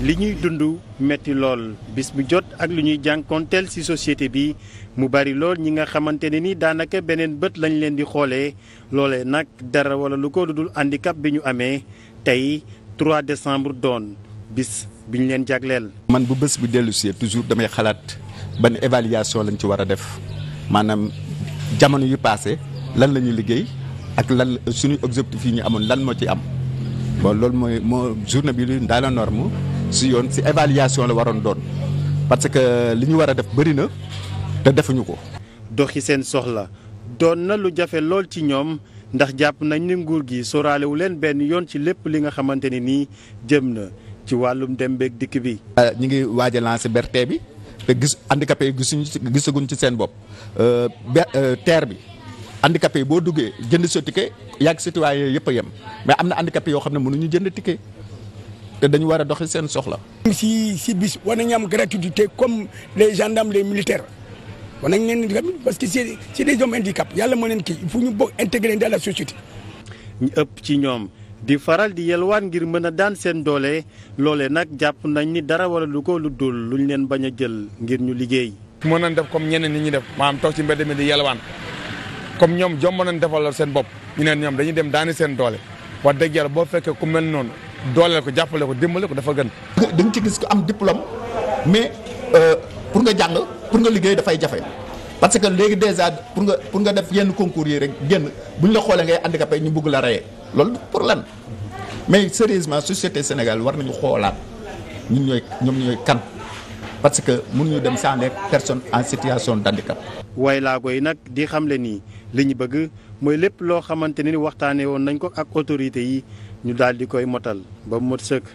li ñuy dund metti lool bis bu jot ak lu ñuy jànkonteel ci société bi mu bari lool ñi nga xamante ne ni daanaka beneen bët lañ leen di xoolee loole nag dara wala lu ko dudul handicap bi ñu amee tey 3 décembre doon bis bi ñu leen jagleel. man bu bés bi dellu si toujours damay xalaat ban évaluation lañ ci war a def maanaam jamono yu paase lan la ñuy liggéey ak lan suñu objectif yi ñu amoon lan moo ci am bon loolu mooy moo journée bi daa la si yoon si évaluation la waroon doon parce que li ñu war a def bëri na te defuñu ko. doxi seen soxla doon na lu jafe lool ci ñoom ndax jàpp nañ ni nguur gi soraalewu leen benn yoon ci lépp li nga xamante ne nii jëm na ci wàllum dem beeg dikk bi. Euh, ñu ngi waaj a lancer BRT bi te gis handicapé yi gisuñu gisaguñ ci seen bopp euh, euh, teer bi. handicapé yi boo duggee jënd sa ticket yàgg citoyen yëpp yem mais am na handicapé yoo xam ne mënuñu jënd ticket. te dañu war a doxi seen soxla. si si bis war nañu am te comme les gendarmes les militaires war nañ leen di parce que c'est c'est des hommes yàlla moo neen kii fu ñu bokk intégrer dans la société. ñu ëpp ci ñoom di faral di yelwaan ngir mën a daan seen doole loole nag jàpp nañ ni dara wala lu ko lu dul luñ leen bañ a jël ngir ñu liggéey. mën nañ def comme ñeneen ñi ñuy def maanaam toog ci mbedd mi di yelwaan comme ñoom jomb nañ defalal seen bopp ñu ne ñoom dañuy dem daani seen doole wax dëgg yàlla boo fekkee ku mel noonu. dooleel ko jàppale ko dimbale ko dafa gën. dañu ci gis ko am diplôme mais euh, pour nga jàng pour nga liggéey dafay jafe parce que léegi déjà pour nga pour nga def yenn concours yi rek génn bu ñu la xoolee ngay handicapé ñu bugg la reyee loolu pour lan mais sérieusement société Sénégal war nañu xoolaat ñun ñooy ñoom ñooy kan parce que mënuñu dem sans personne en situation d'handicap. waaye laa koy nag di xam xamle nii. li ñu bëgg mooy lépp loo xamante ni waxtaanee woon nañ ko ak autorité yi ñu daal di koy motal ba mot sëkk.